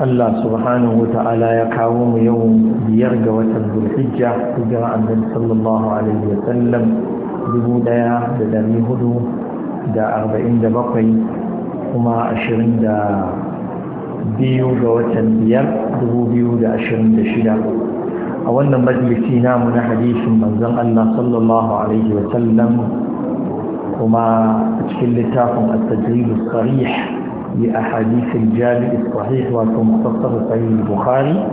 Allah subhanahu wa ta'ala ya kawo mu yau biyar ga watan Zulhijja hijira annabi sallallahu alaihi wa sallam dubu daya da dari hudu da arba'in da bakwai kuma ashirin da biyu ga watan biyar dubu biyu da ashirin da shida a wannan majalisi namu na hadisin manzon Allah sallallahu alaihi wa sallam kuma cikin littafin at-tajrid as-sarih لأحاديث الجامع الصحيح ومختصر صحيح البخاري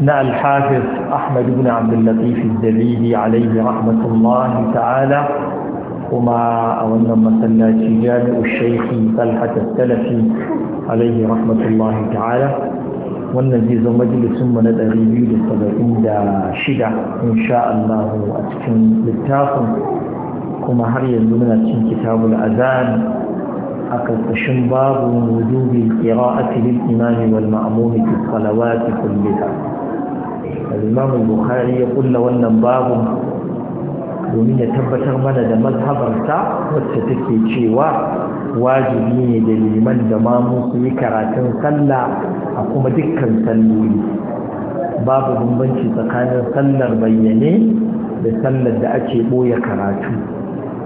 نع الحافظ أحمد بن عبد اللطيف الزبيدي عليه رحمة الله تعالى وما أولنا مثلا جامع الشيخ طلحة السلفي عليه رحمة الله تعالى والنزيز مجلس من الأغيبي للصدقين شدة إن شاء الله أتكن للتاقم كما هريا من كتاب الأذان أكرقشن باب وجوب قراءة للإمام والمأموم في الصلوات كلها الإمام البخاري ya kulla wannan babu domin ya tabbatar mana da mazhabarta wacce take cewa wajibi ne da liman da mamu su yi karatun sallah a kuma dukkan salloli babu bambanci tsakanin sallar bayyane da sallar da ake ɓoye karatu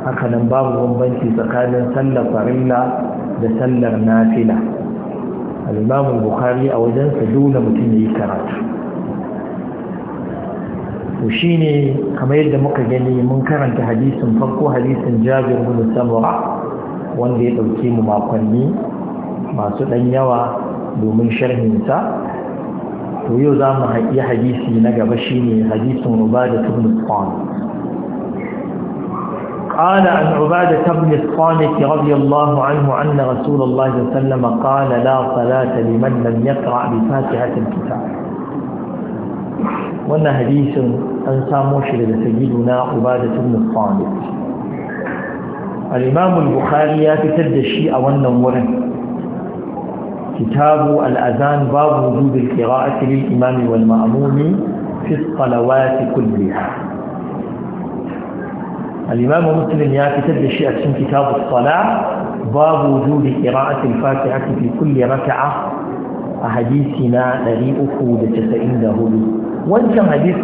Hakanan babu bambanci tsakanin sallar farilla da sallar nafila al-imamu bukhari a wajensa dole mutum ya yi karatu to shine kamar yadda muka gani mun karanta hadisin farko hadisin jabir bin samura wanda ya dauke mu makonni masu dan yawa domin sharhinsa? to yau za mu yi hadisi na gaba shine hadisin ubadah bin samura قال عن عبادة بن الصامت رضي الله عنه أن رسول الله صلى الله عليه وسلم قال لا صلاة لمن لم يقرأ بفاتحة الكتاب وأن حديث أنسى مشر سيدنا عبادة بن الصامت الإمام البخاري يتد الشيء والنور كتاب الأذان باب وجود القراءة للإمام والمأموم في الصلوات كلها الإمام مسلم يكتب الشيء في كتاب الصلاة باب وجود قراءة الفاتحة في كل ركعة حديثنا لريئه لتسعين دهولي وانتم حديث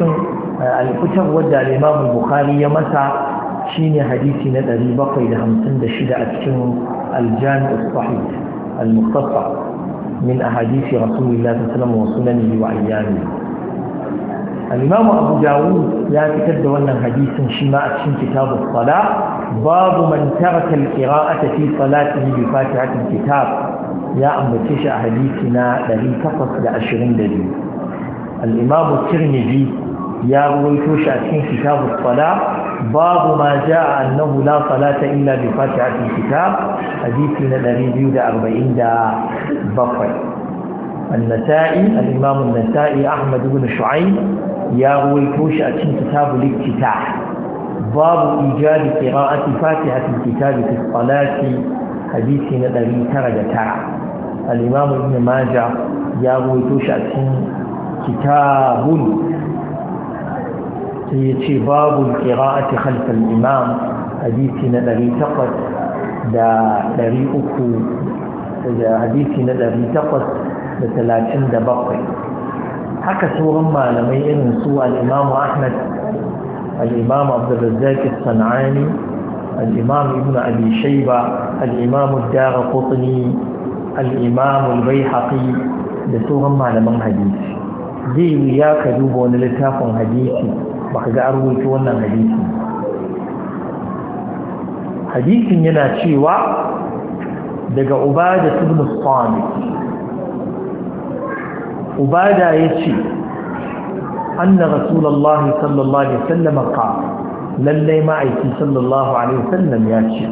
الكتب ودى الإمام البخاري يمسى شيني حديثنا لري بقي لهمسن دشدة أتكن الجامع الصحيح المختصر من أحاديث رسول الله صلى الله عليه وسلم وسننه وأيامه الإمام أبو داود لا تكد أن حديث شماء في كتاب الصلاة باب من ترك القراءة في صلاته بفاتحة الكتاب يا أم بكش حديثنا الذي تقص لأشرين دليل الإمام الترمذي يا رويتوش أتين كتاب الصلاة باب ما جاء أنه لا صلاة إلا بفاتحة الكتاب حديثنا الذي يود أربعين دا بفر النسائي الإمام النسائي أحمد بن شعيب ya ruwaito shi a cikin kitabul iftitah babu ijadi qira'ati fatihatil kitabi fi salati hadisi na 909 al-imam ibn majah ya ruwaito shi a cikin kitabun sai ya babu qira'ati khalf al-imam hadisi na 800 da 300 da hadisi na 837 haka sauran malamai irin su al ahmad al-imam sanani al ibn abi shayba al Dara ad-darqutni al-imam da sauran malaman hadisi zai yi ya ka duba wani littafin hadisi ka ga an rubuta wannan hadisi hadisin yana cewa daga ubada ibn samit ubada ya ce anna rasulullahi sallallahu alaihi wasallam qala lallai ma'aiki sallallahu alaihi sallam ya ce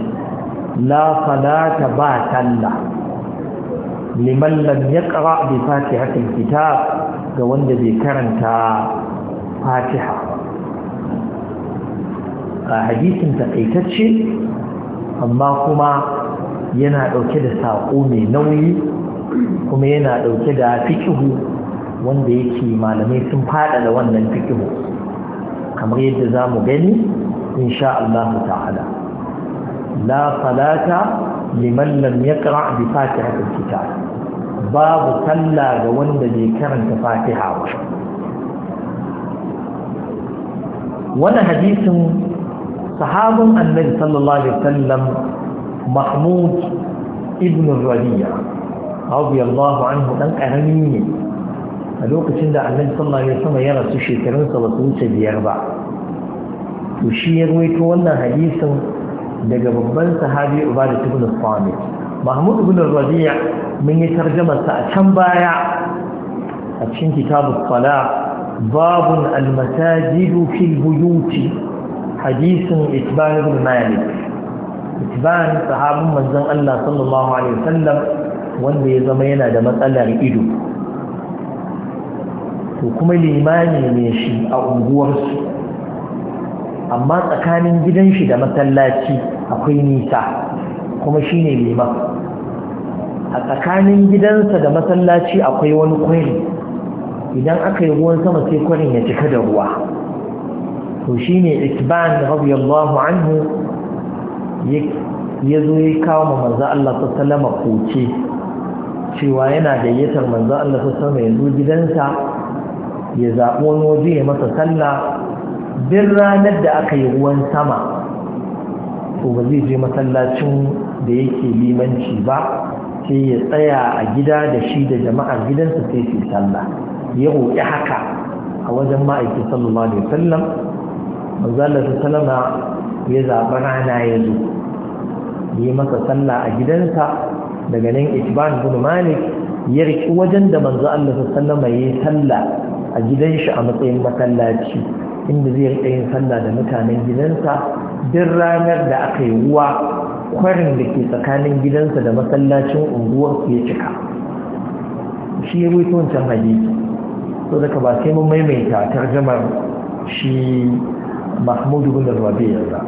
la salata ba talla liman lam yaqra bi fatihatil Fita ga wanda bai karanta fatiha a hadisin takaitacce amma kuma yana ɗauke da saƙo mai nauyi kuma yana ɗauke da fikihu wanda yake malamai sun faɗaɗa wannan fikihu kamar yadda za mu gani insha Allah ta'ala la salata liman lam yaqra bi fatihatil kitab babu sallah ga wanda bai karanta fatiha ba wannan hadisin sahabin annabi sallallahu alaihi wasallam mahmud ibn rabi'a radiyallahu anhu dan karami ne a lokacin da annabi sallallahu ya sama ya rasu shekarunsa ba su wuce biyar ba to shi ya ruwaito wannan hadisin daga babban sahabi Ubadah ibn Samit Mahmud ibn Rabi'a mun yi tarjama sa a can baya a cikin kitabu sala babun al-masajid fi hadisin Itban ibn Malik Itban sahabin manzon Allah sallallahu alaihi wasallam wanda ya zama yana da matsalar ido to kuma limami ne shi a unguwarsu amma tsakanin gidan shi da masallaci akwai nisa kuma shi ne liman a tsakanin gidansa da masallaci akwai wani kwari idan aka yi ruwan sama sai kwarin ya cika da ruwa to shi ne isban radiyallahu anhu ya zo ya kawo ma manzo Allah sallama koke. cewa yana gayyatar manzo Allah sallama ya zo gidansa ya zaɓi wani waje ya masa sallah bin ranar da aka yi ruwan sama to ba zai je masallacin da yake limanci ba sai ya tsaya a gida da shi da jama'ar gidansa sai su sallah ya roƙi haka a wajen ma'aikin sallallahu alaihi wasallam manzalar ta salama ya zaɓi rana ya zo yi masa sallah a gidansa daga nan isban bin malik ya riki wajen da manzo Allah sallama ya yi sallah a gidan shi a matsayin masallaci inda zai rika yin sallah da mutanen gidansa duk ranar da aka yi ruwa kwarin da ke tsakanin gidansa da masallacin unguwar ya cika shi ya wuce wancan hadisi so daga ba sai mun maimaita tarjamar shi mahmudu bin rabi yanzu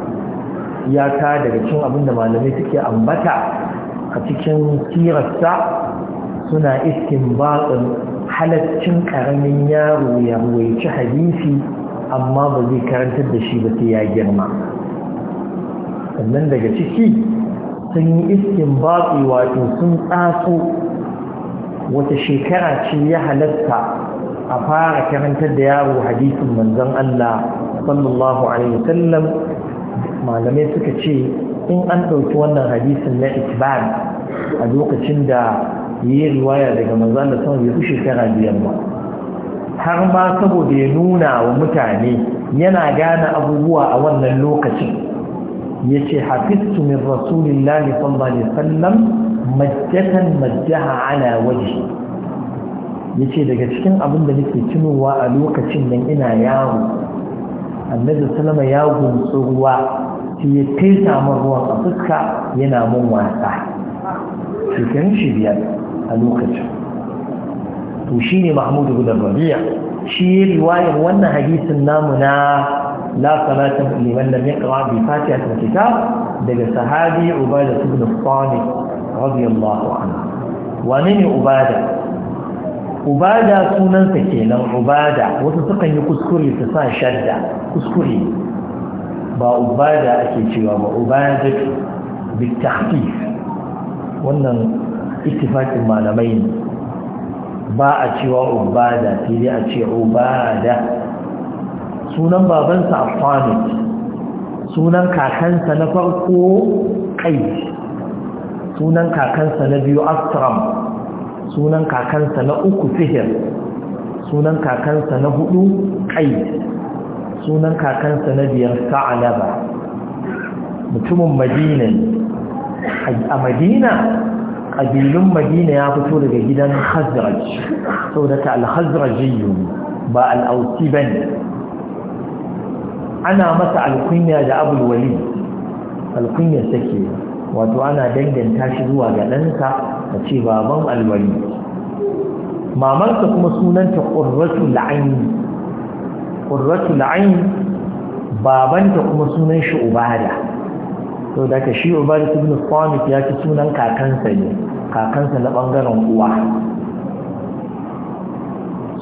ya ta daga cin abinda malamai suke ambata a cikin sirarsa suna iskin baƙin halaccin ƙaramin yaro ya ruwaici hadisi amma ba zai karantar da shi ba sai ya girma sannan daga ciki sun yi iskin baƙi wato sun tsaso wata shekara ce ya halatta a fara karantar da yaro hadisin manzon Allah sallallahu alaihi wasallam malamai suka ce in an ɗauki wannan hadisin na itban a lokacin da yi riwaya daga manzan da sama bai fi shekara biyar ba har ma saboda ya nuna wa mutane yana gane abubuwa a wannan lokacin ya ce hafistu min rasulillahi sallallahu alaihi wasallam majjatan majjaha ala waje ya ce daga cikin abin da nake tunowa a lokacin nan ina yawo annabi salama ya gumsu ruwa sai ya kai samun ruwan a fuska yana mun wasa shekarun shi biyar الوقت وشيني محمود بن الربيع شي رواية rabi'a حديث النامنا لا صلاة لمن لم يقرأ بفاتحة الكتاب دقى صحابي عبادة بن الصامت رضي الله عنه ومن عبادة عبادة سنن سكينا عبادة يقول يكسكري تسا شدة كسكري با عبادة أكيد وما عبادة بالتخفيف wannan ittifaqin malamai ne ba a cewa ubada sai dai a ce ubada sunan babansa afamit sunan kakansa na farko kai sunan kakansa na biyu astram sunan kakansa na uku sihir sunan kakansa na hudu kai sunan kakansa na biyar sa'alaba mutumin madina a madina ƙabilun madina ya fito daga gidan khazraj saboda ta al-khazrajiyyu ba al-ausi bane ana masa alkunya da abul wali alkunya sake wato ana danganta shi zuwa ga ɗanka, a ce baban alwali mamarsa kuma sunanta ƙurratul aini babanta kuma sunan shi ubada to ka shi ubada ibn qamit ya ci sunan kakansa ne kakansa na ɓangaren uwa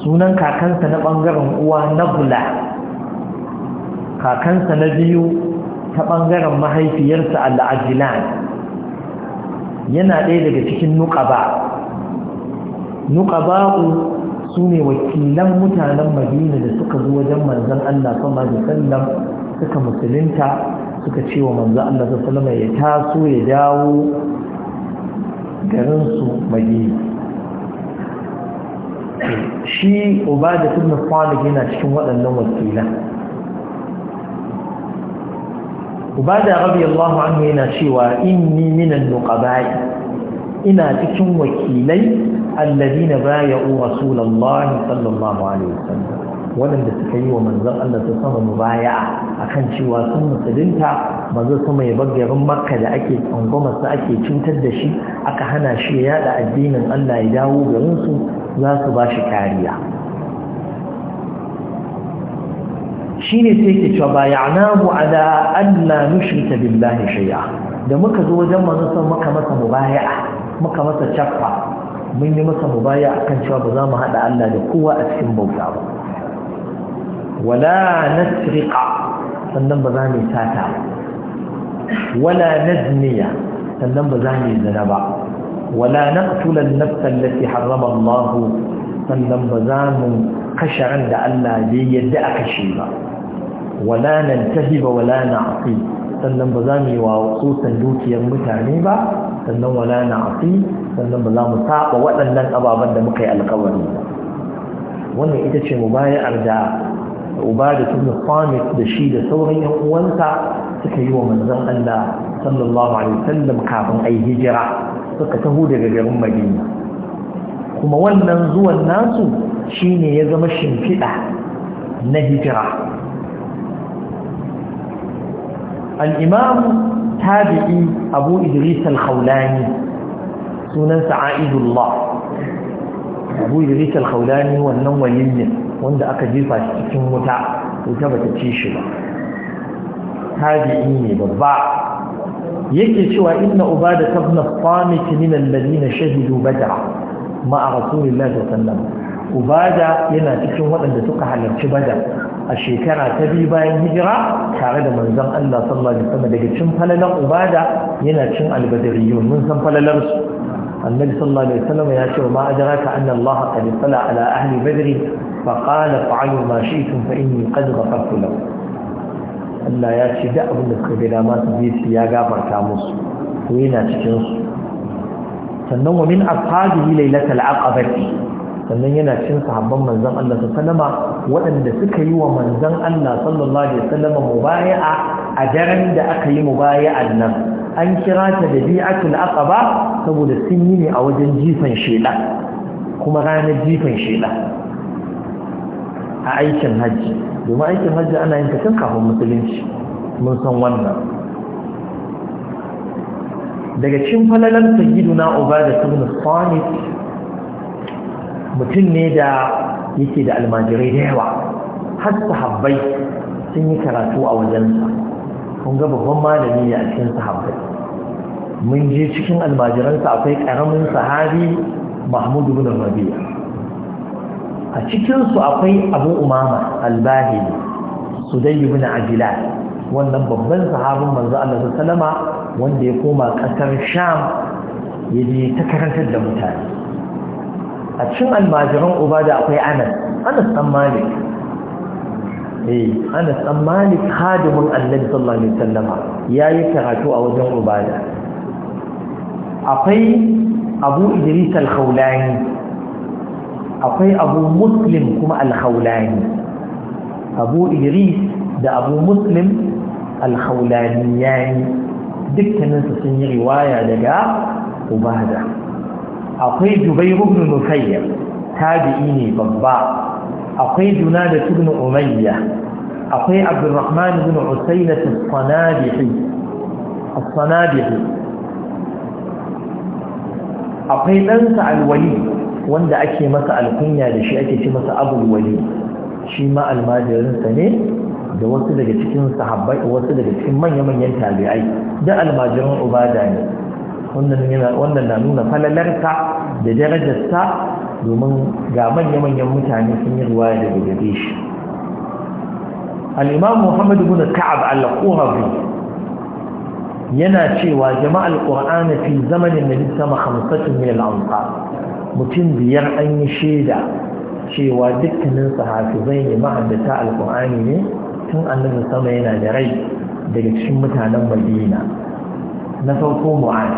sunan kakansa na ɓangaren uwa nabla kakansa na biyu ta ɓangaren mahaifiyarsa al'ajilan yana ɗaya daga cikin nukaba nukaba'u su ne wakilan mutanen madina da suka zo wajen manzan Allah sama da sallam suka musulunta suka ce wa manzan Allah sallama ya taso ya dawo garinsu madini shi ubada da salih yana cikin waɗannan wakila ubada radiyallahu anhu yana cewa inni minan nuqaba'i ina cikin wakilai alladhina bay'u rasulullahi sallallahu alaihi wasallam waɗanda suka yi wa manzon Allah su sama mubaya akan cewa sun musulunta manzon sama ya bar garin makka da ake tsangwamar su ake cutar da shi aka hana shi ya yada addinin Allah ya dawo garin su za su ba shi kariya shine sai ke cewa mu ala Allah la billahi shay'a da muka zo wajen manzon sama muka masa baya muka masa chaffa mun yi masa mubaya akan cewa ba za mu haɗa Allah da kowa a cikin bauta ba wala nasriqa sannan ba za mu tata wala nazniya sannan ba za mu zina ba wala naqtula an-nafsa allati harrama Allah sannan ba za mu kashe ran da Allah bai yadda aka kashe ba wala nantahiba wala na'ti sannan ba za mu yi wa tsotan dukiyar mutane ba sannan wala na'ti sannan ba za mu saba waɗannan ababen da muka yi alƙawari, wannan ita ce mubayar da ubada ibn qamit da shi da sauran yan uwansa suka yi wa manzon Allah sallallahu alaihi wasallam kafin ai hijira suka taho daga garin Madina kuma wannan zuwan nasu shine ya zama shimfiɗa na hijira al-imam tabi'i abu idris al-khawlani sunansa aidullah abu idris al-khawlani wannan waliyin wanda aka jefa shi cikin wuta wuta bata ci shi ba tabi'i ne babba yake cewa inna ubada ibn qamit na alladhina shahidu badra ma'a rasulillahi sallallahu ubada yana cikin waɗanda suka halarci bada. a shekara ta biyu bayan hijira tare da manzon Allah sallallahu alaihi wasallam daga cin falalar ubada yana cin albadariyun mun san falalar su annabi sallallahu alaihi wasallam ya ce ma adraka anna Allah qad sala ala ahli badri فقال فعلوا ما شئتم فإني قد غفرت له Allah ya ce da abin da suka gada masu bisi ya gafarta musu ko yana cikin su sannan wa min ashabihi lailatul aqabati sannan yana cikin sahabban manzon Allah sallama waɗanda suka yi wa manzon Allah sallallahu alaihi wasallama mubaya'a a daren da aka yi mubaya'an nan an kira ta da bi'atul aqaba saboda sun yi ne a wajen jifan shela kuma ranar jifan shela a aikin hajji domin aikin hajji ana yin tafin kafin musulunci mun san wannan daga cin falalar uba da ibn samit mutum ne da yake da almajirai da yawa har sahabbai sun yi karatu a wajensa kun ga babban malami ne a cikin sahabbai mun je cikin almajiransa akwai karamin sahabi Mahmudu bin rabiya a cikinsu akwai abu umama albahili su dai yi bin ajila wannan babban sahabin manzo Allah sallama wanda ya koma ƙasar sham ya je ta karantar da mutane a cikin almajiran ubada akwai anas anas dan malik eh anas dan malik hadimin annabi sallallahu alaihi wasallama yayi karatu a wajen ubada akwai abu idris al-khawlani akwai abu muslim kuma alhaulani abu iris da abu muslim yi dukkaninsu sun yi riwaya daga ubada akwai jubai rubin nufayya tabi'i ne babba akwai juna da tubin umayya akwai abdurrahman ibn usaina as akwai ɗansa alwali wanda ake masa alkunya da shi ake ce masa abu wali shi ma almajirinsa ne da wasu daga cikin sahabbai wasu daga cikin manya-manyan tabi'ai da almajirin ubada ne wannan na nuna falalarsa da darajarsa domin ga manya-manyan mutane sun yi da daga gare shi al'imam muhammad ibn ka'ab al-qurabi yana cewa jama'al qur'ani fi zamanin nabi sama 50 min al-ansar mutum biyar an yi shaida cewa dukkanin sahafi sahafizai ne ma'adata alkur'ani ne tun annabi sama yana da rai daga cikin mutanen madina na farko mu'ad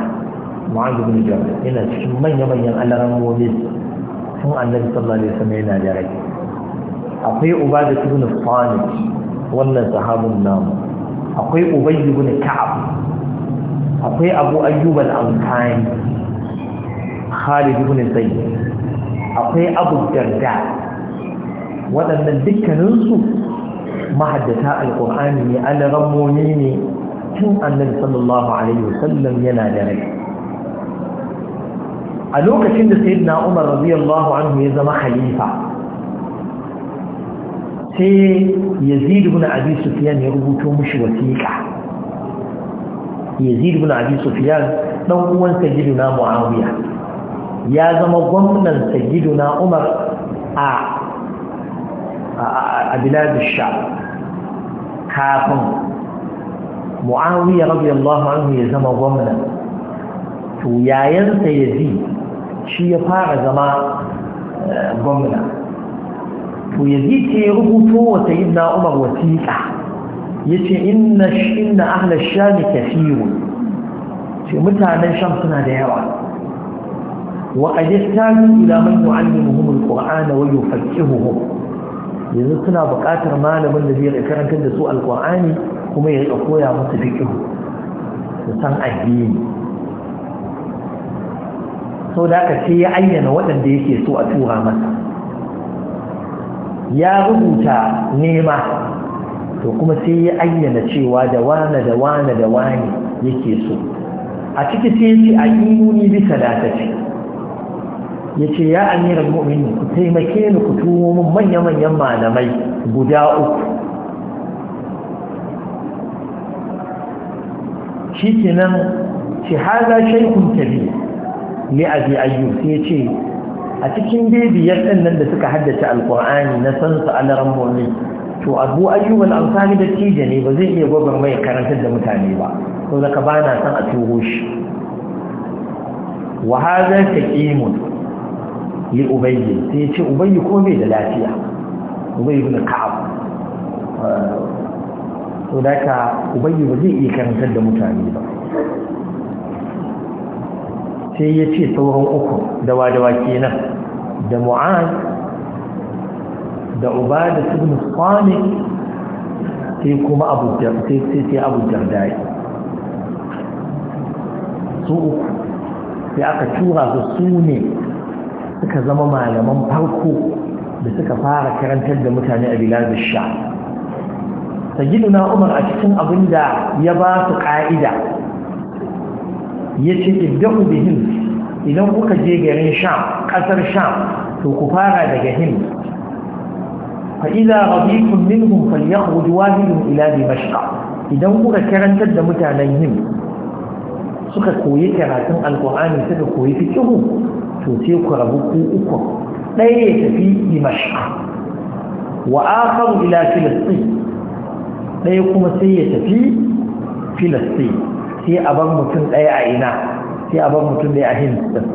mu'ad ibn jabal yana cikin manya-manyan mumin tun annabi sallallahu alaihi wasallam yana da rai akwai ubada ibn salih wannan sahabun namu akwai ubay ibn ka'ab akwai abu ayyub al-ansari Khalid ibn Zayd akwai Abu Darda waɗannan dukkaninsu mahaddata alƙur'ani ne alarammomi ne tun annabi sallallahu alaihi wasallam yana da rai a lokacin da sayyidina Umar radiyallahu anhu ya zama khalifa sai Yazid ibn Abi Sufyan ya rubuto mushi wasiƙa Yazid ibn Abi Sufyan dan uwan sayyidina Muawiya ya zama gwamnan sayyiduna umar a a biladun sha kafin mu'awiyya radiyallahu anhu ya zama gwamna to yayin sa yazi shi ya fara zama gwamna to yazi ke rubuto wa sayyiduna umar wasiqa yace inna inna ahla sham kathirun ce mutanen sham suna da yawa وقد احتاجوا إلى من يعلمهم القرآن ويفكههم yanzu suna buƙatar malamin da zai karantar da su alƙur'ani kuma ya riƙa koya musu fiqh su san addini so da aka ce ya ayyana waɗanda yake so a tura masa ya rubuta nema to kuma sai ya ayyana cewa da wane da wane da wane yake so a ciki sai ya ce a inuni bisa da ta ce ya ce ya amiran mu'mini ku taimake ni ku tuwo min manya-manyan malamai guda uku shi kenan ce haza shaikun tabi ne a sai ya ce a cikin bibiyar ɗannan da suka haddace alƙur'ani na san su mu'min to abu ayyuban amfani da tije ne ba zai iya gwagwar mai karantar da mutane ba ko zaka ba na san a tuho shi wa haza taqimun li ubayyi sai ya ce ubayyi ko bai da lafiya ubayyi bin ka'ab eh, to da ka ubayyi ba zai iya karantar da mutane ba sai ya ce sauran uku da wadawa kenan da mu'an da ubada ibn salih sai kuma abu sai sai abu dardai su uku sai aka tura su su ne suka zama malaman farko da suka fara karantar da mutane a biladun sha sayyiduna umar a cikin abin da ya ba su ka'ida ya ce ibda'u bihim idan kuka je garin sham kasar sham to ku fara daga hind فإذا غضيتم منهم فليخرج واحد إلى دمشق Idan kuka karantar da mutanen hin suka koyi karatun alkur'ani suka koyi fikihu to sai ku rabu ku uku ɗaya ya tafi dimashq wa akharu ila filastin ɗaya kuma sai ya tafi filastin sai a bar mutum ɗaya a ina sai a bar mutum ɗaya a hindistan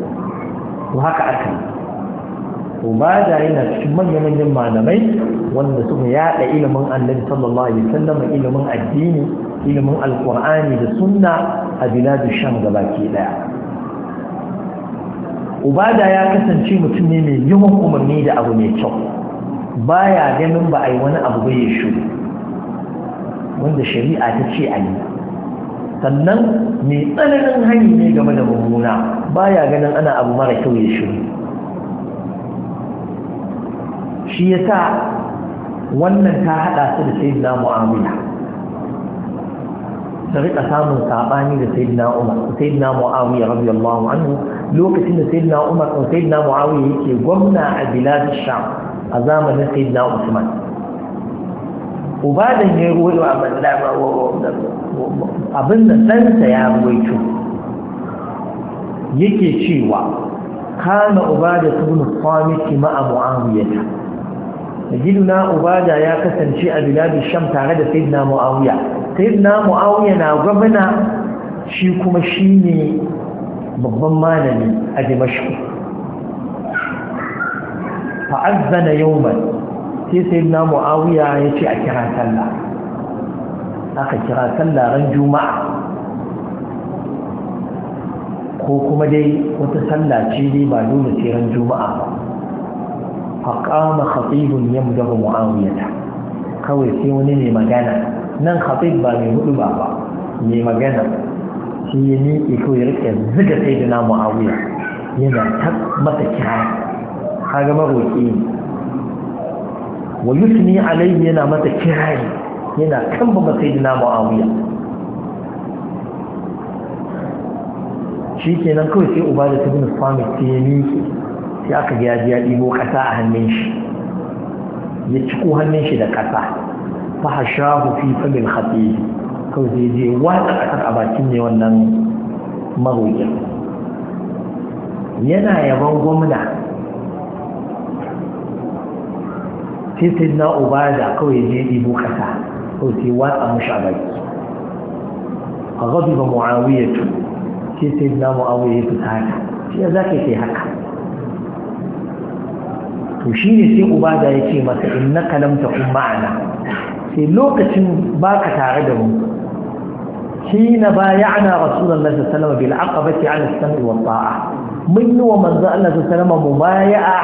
to haka aka yi to ba da yana cikin manya-manyan malamai wanda suka yada ilimin annabi sallallahu alaihi wasallam ilimin addini ilimin alqur'ani da sunna a biladu sham gabaki daya ubada ya kasance mutum ne mai yawan umarni da abu mai kyau ya ganin ba a yi wani abu bai shiru wanda shari'a ta ce a yi sannan mai tsananin hani ne game da mummuna ya ganin ana abu mara kyau ya shiru shi ya sa wannan ta haɗa su da sayi na mu'amala ta riƙa samun saɓani da sayi na umar mu'amala rabbi allahu anhu lokacin da sayyidina Umar ko sayyidina Muawiya yake gwamna a bilad Sham a zamanin sayyidina Usman ubadan ya ruwa a mallaba abin da ɗansa ya ruwaito yake cewa kana ubada ibn Qamit ma'a Muawiya giduna ubada ya kasance a bilad Sham tare da sayyidina Muawiya sayyidina Muawiya na gwamna shi kuma shine babban malami a dimashku fa'azzana yawman sai sai na mu'awiya ya ce a kira sallah aka kira sallah ran juma'a ko kuma dai wata sallah ce dai ba dole sai ran juma'a ba فقام خطيب يمدغ معاوية kawai sai wani mai magana nan khatib ba mai hudu ba ba mai magana sai ya miƙe ko ya rike ziga sai da namu a wuya yana ta mata kira kaga ga ne wa yusni alayhi yana mata kira yana kamba ba sai da namu a wuya shi kenan kawai sai uba da tabin fami sai ya miƙe sai aka ga ya ɗibo ƙasa a hannun shi ya ciko hannun shi da ƙasa hashahu fi famin khatihi kawai zai je watsa a a bakin ne wannan maroƙin yana yaban gwamna titin sai na ubada kawai je ibo kasa, kawai sai watsa mashi a baki a gabi ba mu'awiyar tu sai na mu'awiyar ya fita haka shi ya za ka yi haka to shi ne sai ubada ya ce masa in na kalamta kun ma'ana sai lokacin ba ka tare da mu حين بايعنا رسول الله صلى الله عليه وسلم بالعقبة على السمع والطاعة من ومن ذا الله صلى الله عليه وسلم مبايعة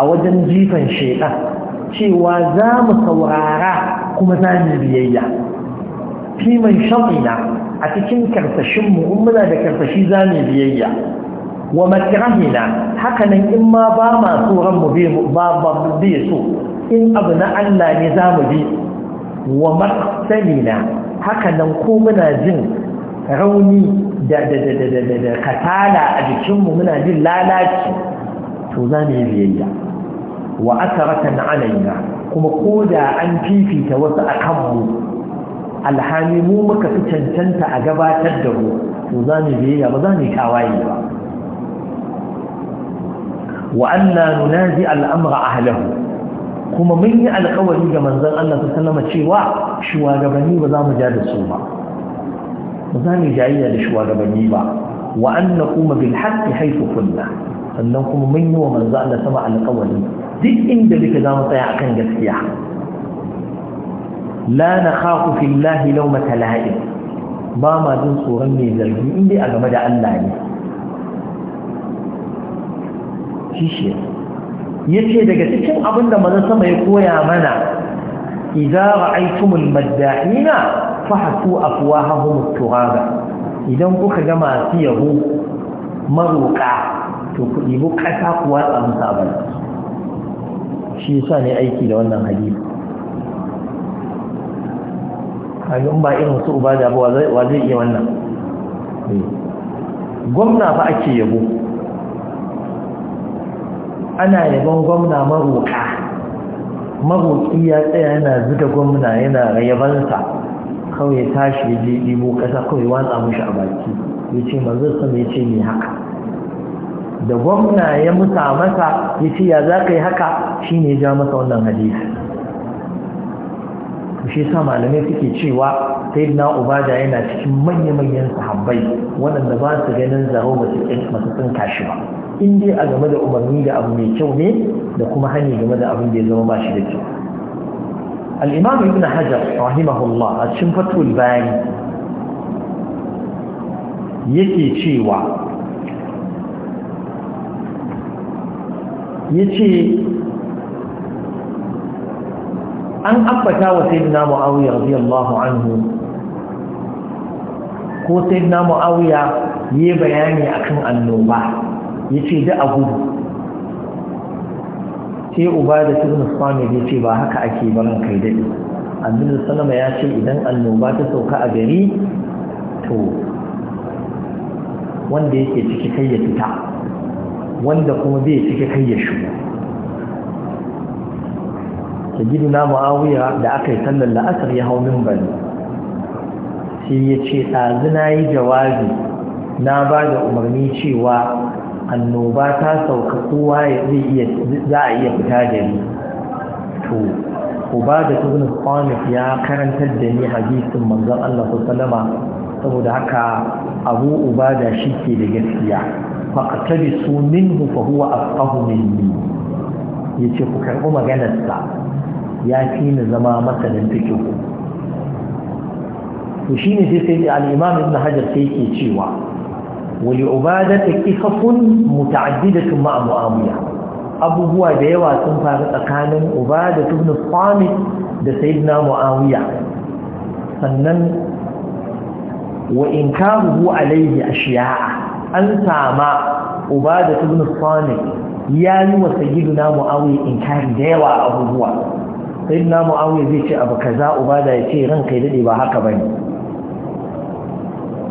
أوجن جيفا cewa za mu saurara kuma za mu biyayya fi man shaɗina a cikin karsashinmu in muna da karsashi za mu biyayya wa makrahina hakanan in ma ba ma mu ba ba so in abu na Allah ne za mu bi wa maqtalina haka nan ko muna jin rauni da katala a jikinmu muna jin lalaci to za mu yi biyayya wa asaratan alaina kuma ko da an fifita wasu a kanmu alhami mu muka fi cancanta a gabatar da mu to za mu biyayya ba za mu yi kawaye ba wa an na nunazi al'amura ahlahu kuma mun yi alkawari ga manzan Allah ta sallama cewa shugabanni ba za mu ja da su ba ba za mu jayayya da shugabanni ba wa an naquma bil kunna sannan kuma mun yi wa manzan Allah sama alkawari duk inda duka za mu tsaya akan gaskiya la nakhafu fillahi lawmata la'ib ba ma jin tsoron mai zargi in dai a game da Allah ne shi shi yace daga cikin abin da manzon sama ya koya mana idza ra'aytumul madda'ina fahatu afwahahum turaba idan kuka ga masu yahu maruka to ku ɗibi ƙasa ku watsa musu abin shi yasa ne aiki da wannan hadisi kaga in ba irin su uba da wa zai iya wannan eh. gwamna fa ake yabo ana yaban gwamna maruka, maroƙi ya tsaya yana zuga gwamna yana yabansa kawai tashi ya je ɗibo ƙasa kawai watsa mushi a baki ya ce manzon sama ya ce ni haka da gwamna ya musa masa ya ce ya za ka yi haka shi ne ja masa wannan hadisi shi sa malamai suke cewa sai na ubada yana cikin manya-manyan sahabbai waɗanda ba su ganin zaro masu tsinka shi ba in dai a game da umarni da abu mai kyau ne da kuma hanyar game da abin da ya zama ba shi da kyau al'imam ibn hajar rahimahullah a cikin fatul bayani yake cewa yace an ambata wa sayyidina muawiya radiyallahu anhu ko sayyidina muawiya yi bayani akan annoba ya ce da abu. sai uba da tuzun samir ya ce ba haka ake barin kai daɗi annabi salama ya ce idan annoba ta sauka a gari to wanda yake ciki kai ya fita wanda kuma bai ciki kai ya gidu na muawiya da aka yi sallar la'asar ya hau minbari sai ya ce ɗazu na yi jawabi na ba da umarni cewa annoba ta sauka kowa zai iya za a iya fita gari to ubada ibn qamit ya karantar da ni hadisin manzon Allah salama saboda haka abu ubada shi ke da gaskiya Fa qatabi minhu fa huwa afqahu minni yace ku karɓi maganar sa ya fi ni zama masanin fikihu to shine sai sai al-imam ibn hajar sai yake cewa ولعبادة قصص متعددة مع معاوية أبو هو ديوى سنفار كان عبادة بن الصامت ده سيدنا معاوية سنن وإنكاره عليه أشياء أنت مع عبادة بن الصامت يا وسيدنا معاوية إنكار ديوى أبو هو سيدنا معاوية زي شيء أبو كذا عبادة يشي رنقي لدي وهكذا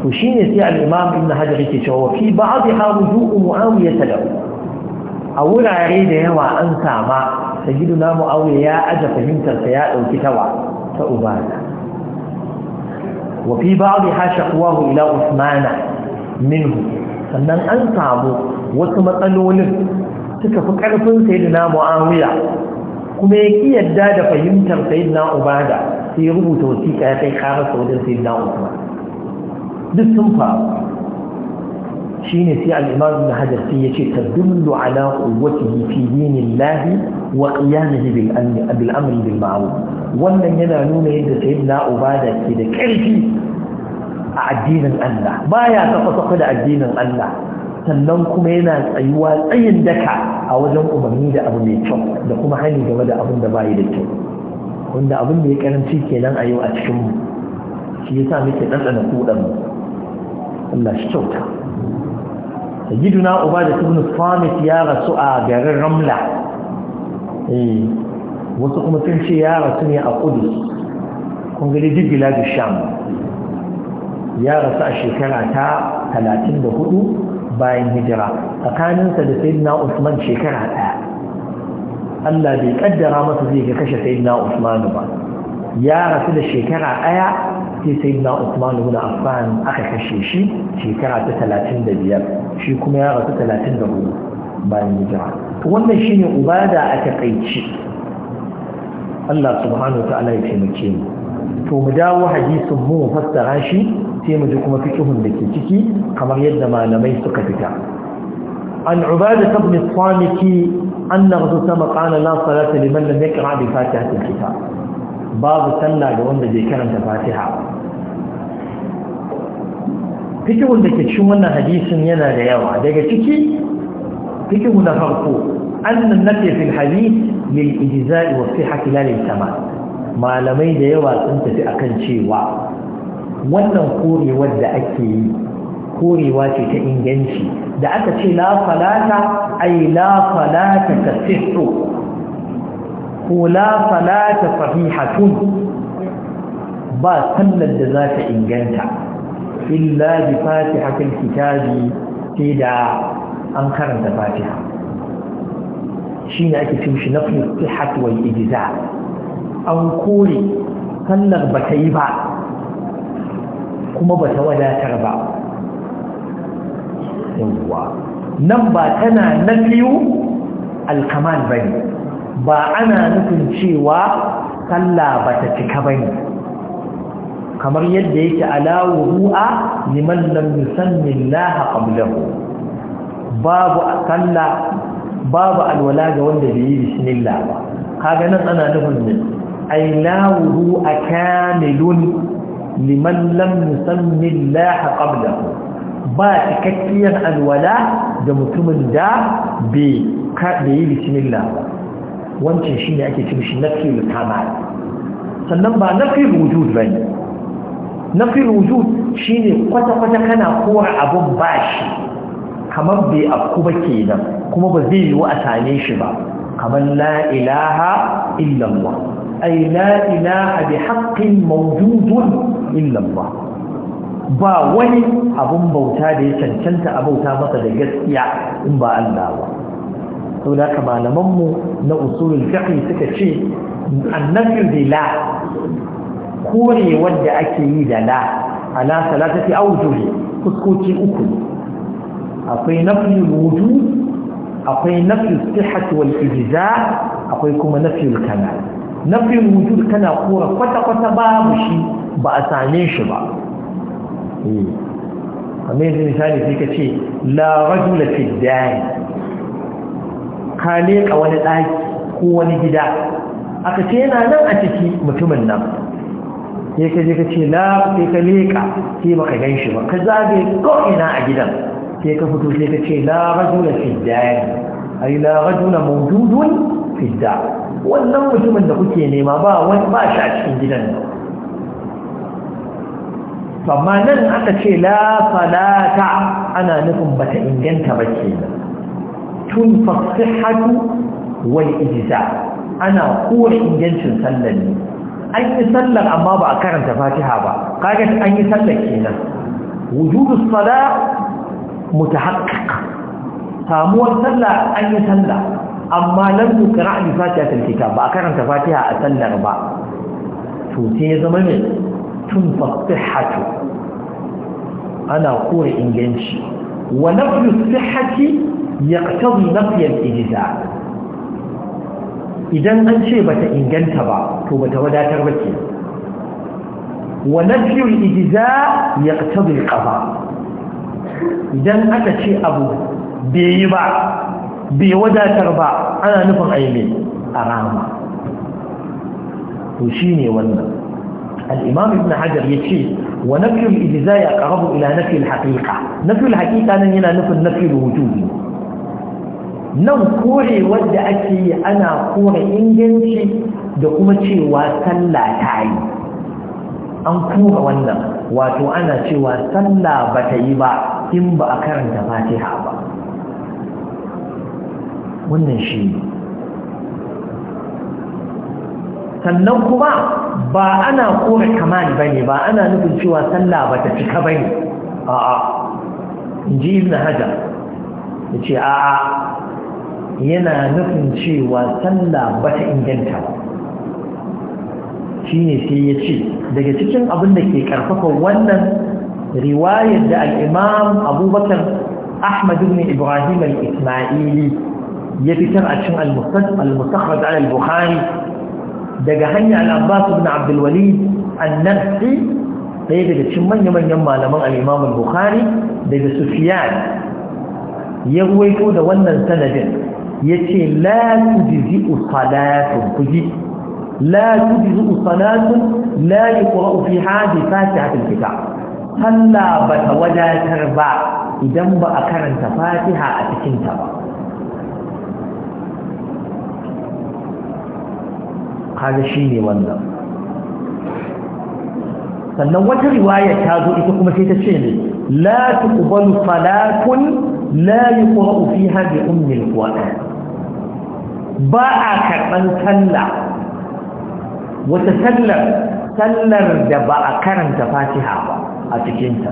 to shine sai al-imam ibn hajar yake cewa fi ba'dha wuju'u muawiya lahu a wurare da yawa an sama sayyiduna muawiya ya aja fahimtar ya ɗauki tawa ta ubana wa fi ba'dha shaqwahu ila usmana minhu sannan an samu wasu matsalolin suka fi karfin sayyiduna muawiya kuma ya ƙi yadda da fahimtar sayyidina ubada sai rubuta wasiƙa ya kai karar saudin sayyidina usman duk sun faru shi ne sai al'imam na hajar sai ya ce tadullu ala kuwwatihi fi dinillahi wa qiyamihi bil bil ma'ruf wannan yana nuna yadda sayyidina ubada ke da ƙarfi a addinin Allah baya kafa da addinin Allah sannan kuma yana tsayuwa tsayin daka a wajen umarni da abu mai kyau da kuma hani game da abin da bayi da kyau wanda abin da ya karanci kenan a yau a cikin mu shi yasa muke ɗanɗana kuɗan mu Allah shi kyauta sayyiduna ubada ibn samit ya rasu a garin ramla eh, wasu kuma sun ce ya rasu ne a Kudu. kun gani duk biladu sham ya rasu a shekara ta 34 bayan hijira tsakaninsa da sayyidina usman shekara ɗaya Allah bai kaddara masa zai ga kashe sayyidina usman ba ya rasu da shekara ɗaya sai sai na Usman ibn Affan aka kashe shi shekara ta 35 shi kuma ya rasu 34 bayan hijira to wannan shine ubada a takaici Allah subhanahu wa ta'ala ya taimake mu to mu dawo hadisin mu fassara shi sai mu ji kuma fiqhun da ke ciki kamar yadda malamai suka fita an ubada ibn Samiti anna rasul sama qala la salata liman lam yaqra bi fatihatil kitab babu sallah ga wanda bai karanta fatiha fikihun da ke cikin wannan hadisin yana da yawa daga ciki fikihu na farko annan nafi fil hadith lil ijza'i wa sihhati la lil malamai da yawa sun tafi akan cewa wannan korewar da ake yi korewa ce ta inganci da aka ce la falata ai la falata tasihhu ko la salata sahihatun ba sallar da za ta inganta illa bi fatihatul kitabi sai da an karanta fatiha shine ake cin shi nafi sihat wal ijza an kore sallar ba ta yi ba kuma ba ta wadatar ba yawwa nan ba tana nafiyu alkamal bane ba ana nufin cewa sallah ba ta cika ba ne kamar yadda yake alawu ru'a liman lam yusanni Allah qablahu babu sallah babu alwala ga wanda bai yi bismillah ba kaga nan ana nufin ne ay la wudu'a kamilun liman lam yusanni Allah qablahu ba cikakkiyar alwala da mutumin da bai yi bismillah ba wancan shi ne ake cin shi nafiyul kamal sannan ba nafiyul wujud ba ne nafiyul wujud shi ne kwata-kwata kana kora abin ba shi kamar bai afku ba kenan kuma ba zai yiwu a same shi ba kamar la'ilaha ilaha illallah ay ilaha bi haƙƙin mawjudun illallah ba wani abun bauta da ya cancanta a bauta masa da gaskiya in ba Allah ba sau da mu na usulul fiqh suka ce annabi da kore wanda ake yi da la a salatati awjuhi kuskoci uku akwai nafi wudu akwai nafi sihhat wal ijza akwai kuma nafi kana nafi wudu kana kora kwata kwata babu shi ba a same shi ba eh. kamar yanzu misali sai ka ce la rajula fi ka leƙa wani ɗaki ko wani gida aka ce yana nan a ciki mutumin nan ya ka je ka ce na sai ka leƙa sai baka gan shi ba ka zage ko'ina a gidan sai ka fito sai ka ce la rajula fiddari ai na rajula mawdudun fidda wannan mutumin da kuke nema ba wani ba shi a cikin gidan ba. amma nan aka ce la falata ana nufin bata inganta ba ke tun fasihatu wal ijza ana kore ingancin sallar ne an yi sallar amma ba a karanta fatiha ba kaga an yi sallar kenan wujudu sala mutahaqqiq samuwar sallar an yi sallar, amma lam tuqra bi fatihatil kitab ba a karanta fatiha a sallar ba to sai ya zama ne tun fasihatu ana kore inganci wa nafyu sihhati yaqtadi nafiy al idan an ce bata inganta ba to bata wadatar ba ke wa nafiy al-ijza yaqtadi qada idan aka ce abu bai yi ba bai wadatar ba ana nufin aime a rama to shine wannan الإمام ابن حجر يشي ونفي الإجزاء أقرب إلى نفي الحقيقة نفي الحقيقة أننا نفي النفي الوجودي nan kore wadda ake yi ana kore inganci da kuma cewa sallah ta yi an kura wannan wato ana cewa sallah ba ta yi ba in ba a karanta fatiha ba wannan shi ne sannan kuma ba ana kore kamal ba ne ba ana nufin cewa sallah ba ta cika ba ne a'a in ji ibn hajar ya ce a'a yana nufin cewa sallah ba ta inganta shi ne sai ya ce daga cikin abin da ke karfafa wannan riwayar da al'imam abubakar ahmad ibn ibrahim al ya fitar a cin al-mustakhar da al-bukhari daga hanyar al'abbas ibn abdulwali annarsi ɗaya daga cikin manya-manyan malaman al'imam al-bukhari daga sufiyan ya ruwaito da wannan sanadin yace la tujzi'u salatun kuji la tujzi'u salatun la yuqra'u fi hadhi fatihat al-kitab halla ba ta wadatar ba idan ba a karanta fatiha a cikin ta ba kaga shine wannan sannan wata riwaya ta zo ita kuma sai ta ce ne la tuqbalu salatun la yuqra'u fiha bi ummi al-qur'an ba a karɓar sallah wata sallar sallar da ba a karanta fatiha ba a cikinta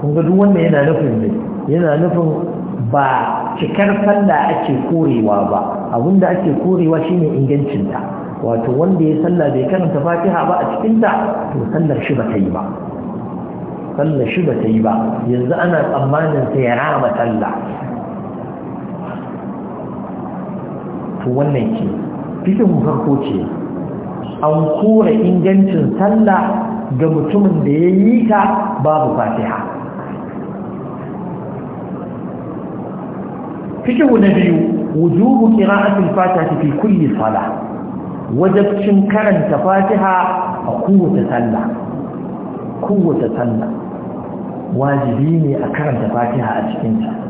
kun ga duk wanda yana nufin ne yana nufin ba cikar sallah ake korewa ba abinda ake korewa shine ingancinta wato wanda ya sallah bai karanta fatiha ba a cikinta to sallar shi ba ta yi ba sallar shi ba ta yi ba yanzu ana tsammanin sai ya rama sallah to wannan ce fikin farko ce an kore ingancin sallah ga mutumin da ya yi ta babu fatiha fikihu na biyu wujubu qira'atul fatiha fi kulli salah wajibcin karanta fatiha a kowace sallah kowace sallah wajibi ne a karanta fatiha a cikin ta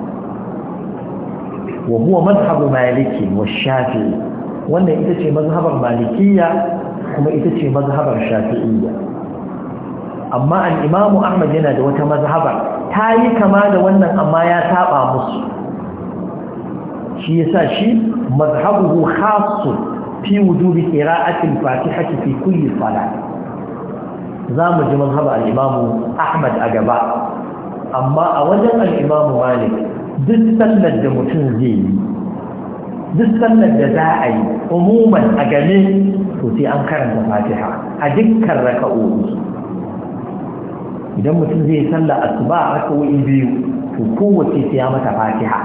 wa huwa mazhabu maliki wa shafi'i wannan ita ce mazhabar malikiyya. kuma ita ce mazhabar shafi'iyya amma al-imamu ahmad yana da wata mazhabar ta yi kama da wannan amma ya saba musu shi yasa shi mazhabuhu khassu fi wujubi qira'ati al-fatihati fi kulli salat zamu ji mazhab al-imamu ahmad a gaba amma a wajen al-imamu malik duk sallar da mutum zai yi duk sallar da za a yi umuman a game to sai an karanta fatiha a dukkan raka'o'i idan mutum zai sallar asuba a raka'o'i biyu to kowace sai ya mata fatiha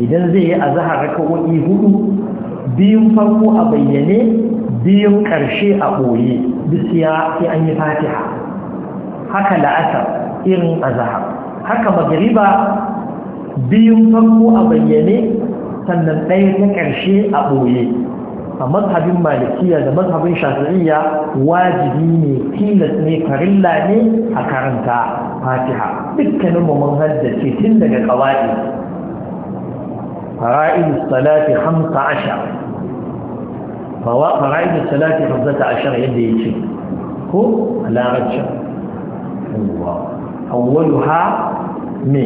idan zai yi azhar raka'o'i hudu biyun farko a bayyane biyun ƙarshe a ɓoye duk sai an yi fatiha haka la'asar irin azahar, haka magariba. biyun farko a bayyane sannan ɗaya ta ƙarshe a ɓoye a mazhabin malikiya da mazhabin shafi'iyya wajibi ne tilas ne farilla ne a karanta fatiha dukkanin mu mun haddace tun daga kawai fara'id salati 15 fara'id salati 15 yadda ya ce ko a larabci awwaluha ne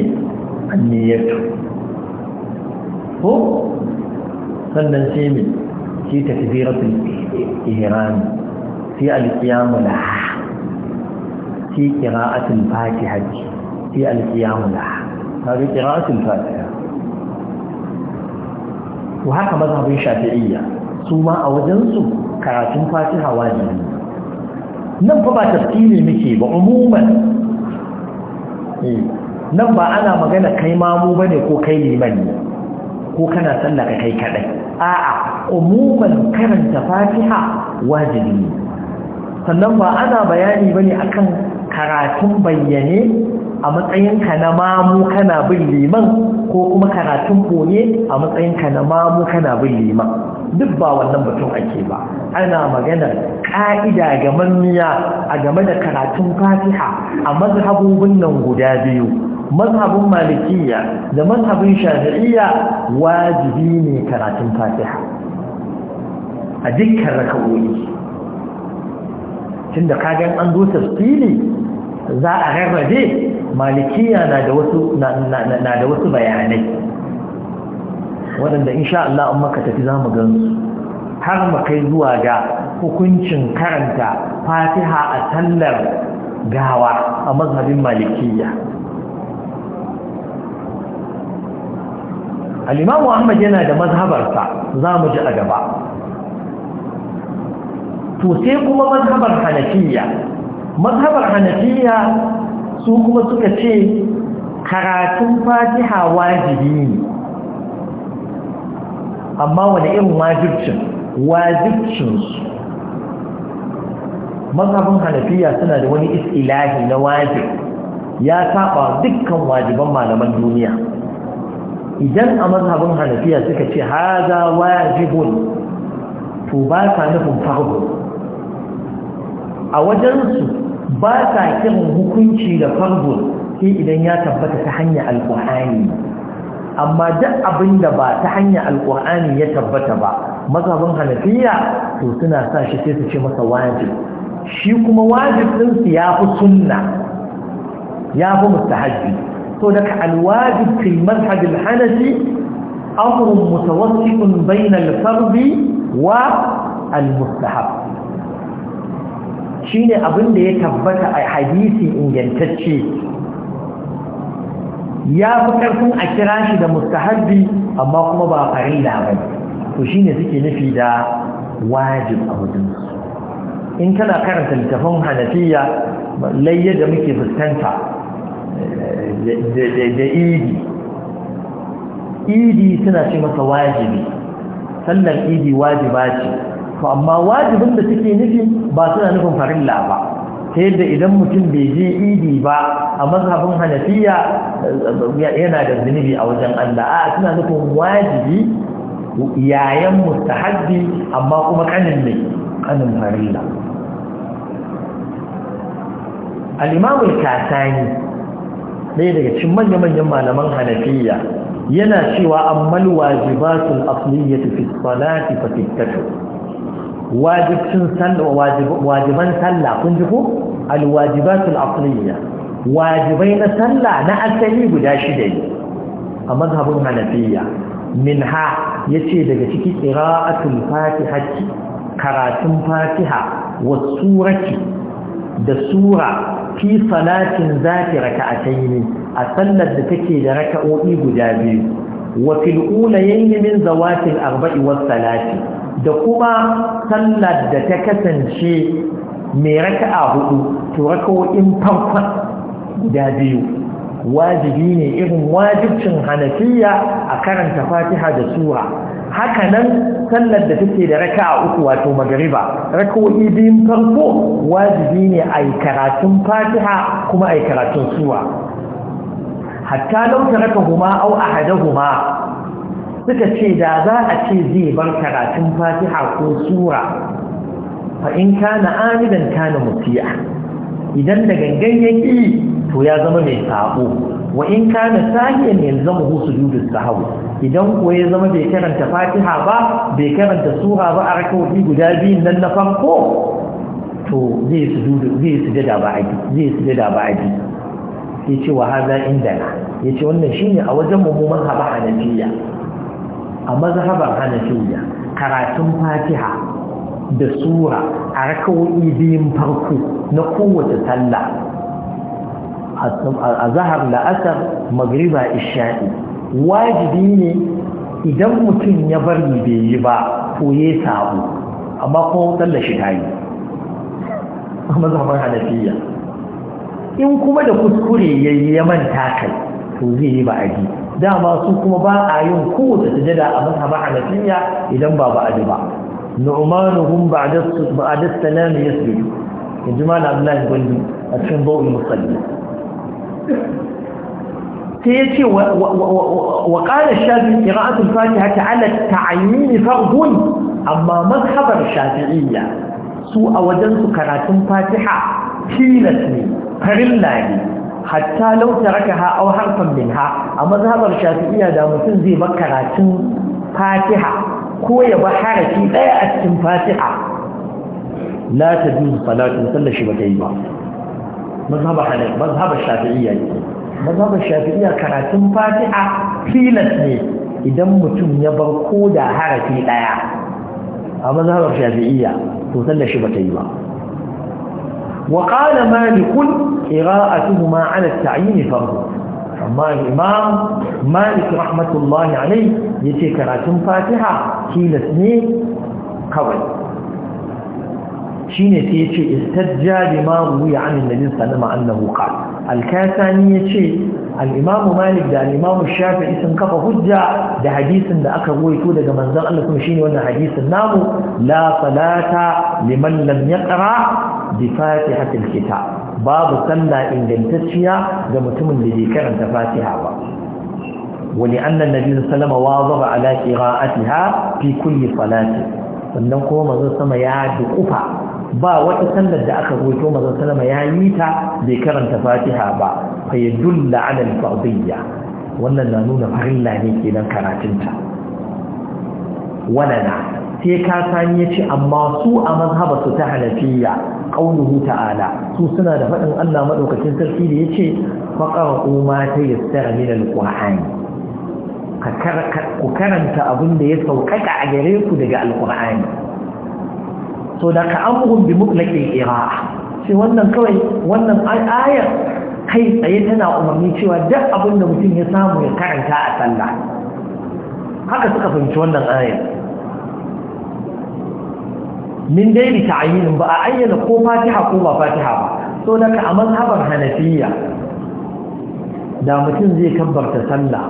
anniyatu ko sannan sai mai sai takbiratul ihram sai alqiyamu laha sai qira'atul fatiha sai alqiyamu laha kaga qira'atul fatiha to haka mazhabin shafi'iyya su ma a wajen su karatun fatiha wajibi nan fa ba tafsiri muke ba umuman eh nan ba ana magana kai mamu ba ne ko kai liman ne ko kana sallaka kai kadai a'a umuman karanta fatiha wajibi ne sannan ba ana bayani ba ne akan karatun bayyane a matsayinka na mamu kana bin liman ko kuma karatun boye a matsayinka na mamu kana bin liman duk ba wannan batun ake ba ana magana ka'ida ga manniya a game da karatun fatiha a mazhabobin nan guda biyu mazhabin malikiya da mazhabin shafi'iyya wajibi ne karatun fatiha a dukkan raka'o'i tunda ka kagan an zo tafsiri za a rarrabe malikiya na da wasu na da wasu bayanai waɗanda insha Allah an maka tafi zamu mu gansu har mu kai zuwa ga hukuncin karanta fatiha a sallar gawa a mazhabin malikiya al'imamu ahmad yana da mazhabarsa za mu ji a gaba to sai kuma mazhabar hanafiya mazhabar hanafiya su kuma suka ce karatun fatiha wajibi ne amma wani irin wajibcin wajibcinsu mazhabin hanafiya suna da wani is'ilahi na wajib ya saba dukkan wajiban malaman duniya idan a mazhabin hanafiya suka ce haza wajibun to ba sa nufin farko a wajensu ba sa kiran hukunci da farko sai idan ya tabbata ta hanyar alƙur'ani amma duk abin da ba ta hanyar alƙur'ani ya tabbata ba mazhabin hanafiya to suna sa shi sai su ce masa wajib shi kuma wajib ɗinsu ya fi sunna ya fi mustahabbi so daga alwajib fil mazhab al hanafi amr mutawassit bayna al fard wa al mustahab shine da ya tabbata a hadisi ingantacce ya fitar kun a kira shi da mustahabbi amma kuma ba farin da ba to shine suke nufi da wajib a wajen in kana karanta littafin hanafiya lai muke fuskanta da idi idi suna ce masa wajibi sallar idi wajiba ce to amma wajibin da take nufi ba suna nufin farilla ba ta yadda idan mutum bai je idi ba a mazhabin hanafiya yana da zunubi a wajen Allah a suna nufin wajibi yayan mustahabbi amma kuma kanin ne kanin farilla al-imam al-kasani ɗaya daga cikin manya-manyan malaman hanafiya yana cewa ammal wajibatul asliyatu fi salati fa sittatu wajibcin sallah wajiban sallah kun ji ko al wajibatul wajibai na sallah na asali guda shida ne a mazhabin hanafiya minha yace daga ciki qira'atul fatihati karatun fatiha wa surati da sura fi salatin zati raka'ataini a sallar da take da raka'o'i guda biyu wa fil ulayayn min zawatil arba'i was salati da kuma sallar da ta kasance mai raka'a hudu to raka'o'in farkon guda biyu wajibi ne irin wajibcin hanafiya a karanta fatiha da sura haka nan sallar da take da raka'a uku wato magariba raka'o'i biyun farko wajibi ne a yi karatun fatiha kuma a yi karatun suwa hatta lauta raka huma au ahadahuma suka ce da za a ce zai bar karatun fatiha ko sura fa in kana amidan kana mutiya idan da gangan yake to ya zama mai sabo wa in kana sahiyan su sujudus sahwi idan ko ya zama bai karanta Fatiha ba bai karanta sura ba a rakawi guda biyun nan na farko to zai sujudu zai sujada ba aji zai sujada ba aji yace wa hadha indana yace wannan shine a wajen mu mu mazhaba hanafiya a mazhaban hanafiya karatun Fatiha da sura a rakawoyi biyun farko na kowace sallah a zahar la'asar magriba isha'i wajibi ne idan mutum ya bari bai yi ba to ya sabu amma kuma sallar shi ta yi a mazhabar hanafiya in kuma da kuskure ya yi ya manta kai to zai yi ba a ji dama su kuma ba a yin kowace sujada a mazhabar hanafiya idan ba ba a ji ba nu'manuhum ba'da ba'da salam yasjudu in ji malam Abdullahi Gwandi a cikin bawul musalli sai ya ce wa ƙalar shafi ƙira'atun fatiha ta ala ta'ayyini fargun amma mazhabar shafi'iyya su a wajen su karatun fatiha tilas ne farilla ne hatta lauta raka ha au harfan min ha a mazhabar shafi'iyya da mutum zai bar karatun fatiha كوي بحارتي لا يأتم فاتحة لا تجوز صلاة صلى شبا كيبا مذهب حالي مذهب الشافعية مذهب الشافعية كراتم فاتحة فيلتني إذا متم يبر كودا لا يأتم مذهب الشافعية صلى شبا كيبا وقال مالك إغاءتهما على التعيين فرض amma imam malik rahmatullahi alai ya ce karatun fatiha tilas ne kawai shi ne sai ya ce istajja Limamu ya an annabi sallama annahu qala al-kasani ya ce al imamu malik da al shafi shafi'i sun kafa hujja da hadisin da aka ruwaito daga manzon Allah kuma shine wannan hadisin namu la salata liman lam yaqra bi fatihatil kitab babu sallah ingantacciya ga mutumin da bai karanta fatiha ba wani annan nabi sallama wazaba ala qira'atiha fi kulli salati sannan kuma manzo sama ya dukufa ba wata sallar da aka goto manzo sallama ya yi ta bai karanta fatiha ba fa yadulla ala al-fardiyya wannan na nuna farilla ne kenan karatunta wannan sai ka sani yace amma su a mazhabatu ta hanafiya kaunuhu ta'ala su suna da faɗin Allah maɗaukacin sarki da ya ce faƙara kuma ta yi tsara minal ƙwa'ani ku karanta abin da ya sauƙaƙa a gare ku daga alƙwa'ani so da ka amurin bi mutlaƙi ira shi wannan kawai ayar kai tsaye tana umarni cewa duk abin mutum ya samu ya karanta a sallah haka suka fahimci wannan ayar min gairi ta'ayinin ba a ayyana ko fatiha ko ba fatiha ba so daga a mazhabar hanafiya da mutum zai kabbarta sallah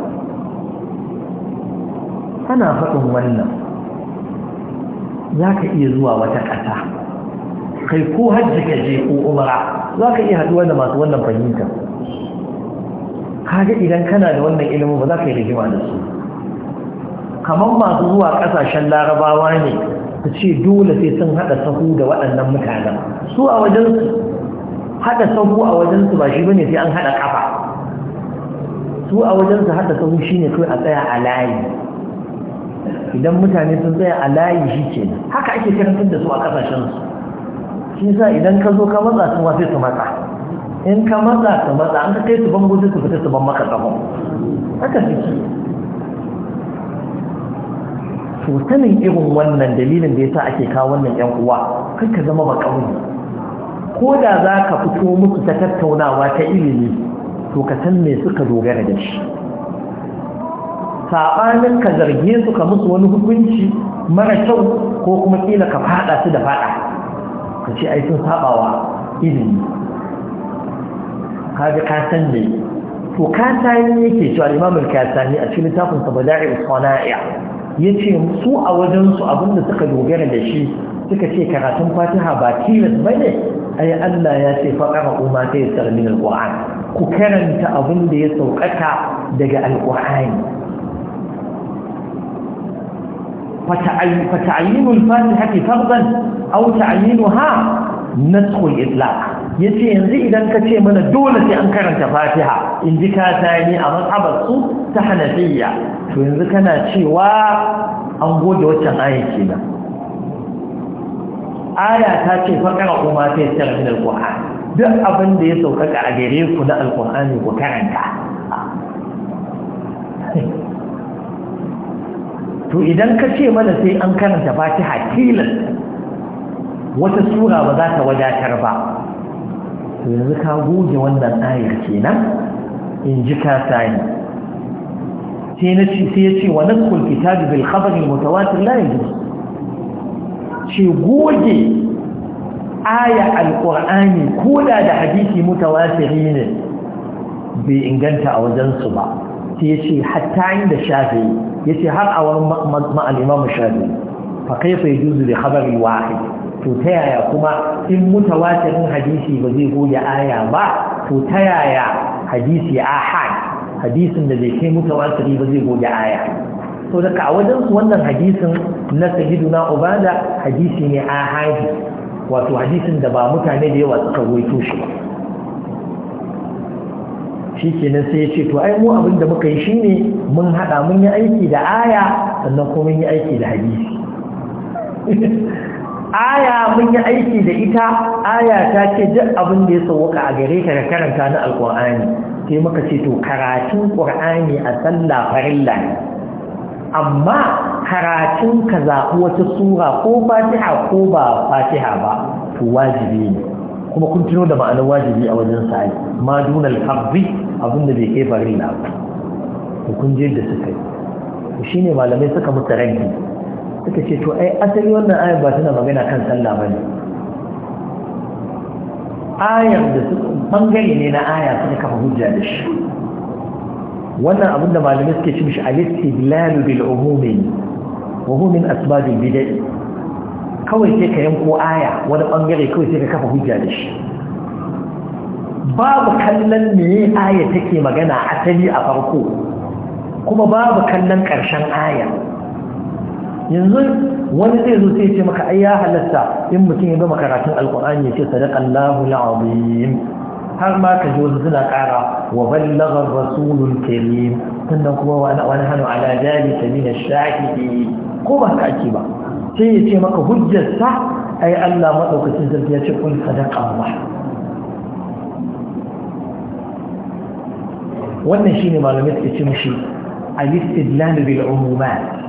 ana faɗin wannan za ka iya zuwa wata ƙasa kai ko hajji ka je ko umara za ka iya haɗuwa da masu wannan fahimta kaga idan kana da wannan ilimin ba za ka yi rigima da su kamar masu zuwa ƙasashen larabawa ne ta ce dole sai sun haɗa sahu da waɗannan mutanen su a wajensu haɗa sahu a wajensu ba shi bane sai an haɗa ƙafa su a wajensu haɗa sahu shine kawai a tsaya a layi idan mutane sun tsaya a layi shi ke haka ake karantar da su a ƙasashensu shi sa idan ka zo ka matsa sun wafe su matsa in ka matsa su matsa an ka kai su bango sai su fita su ban maka tsaho haka suke to sanin irin wannan dalilin da yasa ake kawo wannan yan uwa kai ka zama ba kauye ko da za ka fito musu ta tattaunawa ta ilimi to ka san me suka dogara da shi saɓanin ka zarge su ka musu wani hukunci mara kyau ko kuma ƙila ka faɗa su da faɗa ka ce ai sun saɓawa ilimi ji ka san ne to kasani yake cewa imamul kasani a cikin littafin sa na usana'i ya ce su a wajensu abinda suka dogara da shi suka ce karatun fatiha ba tilas ba ne ayi Allah ya ce faƙara umma ta yi sarmin alƙur'an ku karanta abin da ya sauƙaƙa daga alƙur'ani fata'ayyinul fatiha ke farban au na naskul itlaq ya ce yanzu idan ka ce mana dole sai an karanta fatiha in ji ka tani a matsabarsu ta hanafiya to yanzu kana cewa an gode waccan ayin kenan aya ta ce fakara kuma ta yi tsara min duk abin da ya saukaka a gare ku na alkuhani ku karanta to idan ka ce mana sai an karanta fatiha tilas wata sura ba za ta wadatar ba yanzu ka goge wannan ayar kenan in ji ka sani sai ya ce wa naskul kitabi bil khabari mutawatir la yajuz ce goge aya alqur'ani koda da hadisi mutawatiri ne bai inganta a wajensu ba sai ya ce hatta inda shafi ya ce har a wurin ma'al imamu shafi fa kaifa yajuzu li khabari wahid to ta yaya kuma in mutawatirin hadisi ba zai goge aya ba to ta yaya hadisi ahad hadisin da zai kai mutawatiri ba zai goge aya to daga a wajen su wannan hadisin na na ubada hadisi ne ahadi wato hadisin da ba mutane da yawa suka goyito shi shi kenan sai ya ce to ai mu abin da muka yi shine mun haɗa mun yi aiki da aya sannan kuma mun yi aiki da hadisi aya mun yi aiki da ita aya ta ce duk abin da ya sauka a gare ka da karanta na alkur'ani sai muka ce to karatun ƙur'ani a sallah farilla amma karatun ka zaɓi wata sura ko fatiha ko ba fatiha ba to wajibi ne kuma kun tuno da ma'anar wajibi a wajen sa'i ma dunal abin da bai kai farilla ba kun je da suka yi shine malamai suka mutu ranki suka ce to ai asali wannan ayar ba tana magana kan sallah bane ayar da su bangare ne na aya suka kafa hujja da shi wannan abin da malamai suke ci a al-istidlal bil umumi wa huwa min kawai sai ka yanko aya wani bangare kawai sai ka kafa hujja da shi babu kallon me aya take magana asali a farko kuma babu kallon ƙarshen aya yanzu wani zai zo sai ce maka ai ya halatta in mutum ya gama karatun alkur'ani ya ce sadaqallahu alazim har ma ka ji wasu suna ƙara wa ballagha rasulul karim sannan kuma wa ana wani hanu ala dalika min ash-shahidi ko ba ka ake ba sai ya ce maka hujjarsa ai Allah madaukakin sarki ya ce kun sadaqa Allah wannan shine malamai suke ce mishi al-istidlal bil umumat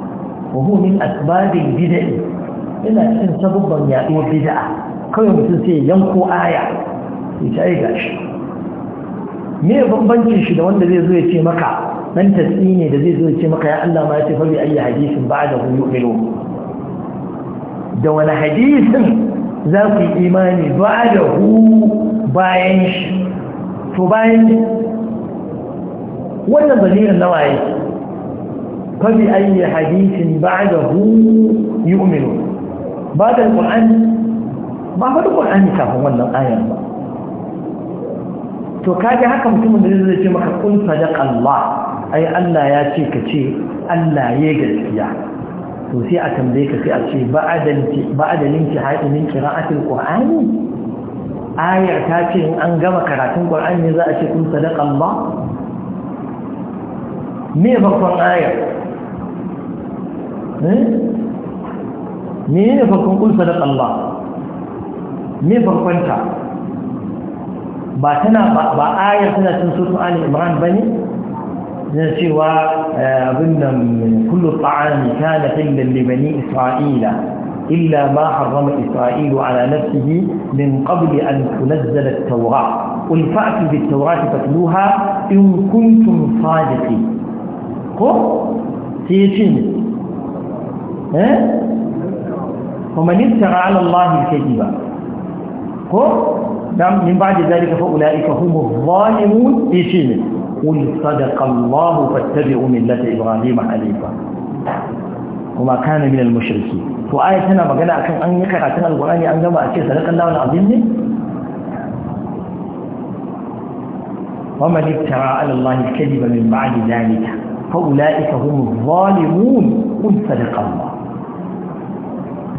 wa huwa min asbabil bid'i yana cikin sabubban yaɗuwar bid'a kawai mutum sai yanko aya ya ta yi gashi me bambancin shi da wanda zai zo ya ce maka nan tatsi ne da zai zo ya ce maka ya Allah ma ya ce fa bi ayi hadisin da hu yu'minu da wani hadisin za ku yi imani ba da hu bayan shi to bayan wannan zalirin nawa yake فبأي حديث da يؤمنون بعد القرآن ما هو القرآن wannan ayyar ba. to kaje haka mutumin da zai ce maka kun sadaq Allah ai Allah ya ce ka ce Allah ya gaskiya to sai a tambaye ka sai a ce ba'adanti ba'adalinki haidin qira'atul qur'ani ayar ta ce in an gama karatun qur'ani za a ce ƙunsa da Allah me bakon ayar إيه؟ مين فكون كل صدق الله مين فكونك باتنا بآية سنة سنسوة آل إمران بني نسوى أظن آه، من كل طعام كان حلا لبني إسرائيل إلا ما حرم إسرائيل على نفسه من قبل أن تنزل التوراة قل فأتوا بالتوراة فتلوها إن كنتم صادقين قل سيشيني إيه؟ ومن افترى على الله الكذب نعم، من بعد ذلك فأولئك هم الظالمون في شيء قل صدق الله فاتبعوا ملة إبراهيم حنيفا وما كان من المشركين وآية هنا ما قال أكن أن يقرأ تنا القرآن أن جمع أشياء صدق الله العظيم ومن افترى على الله الكذب من بعد ذلك فأولئك هم الظالمون قل صدق الله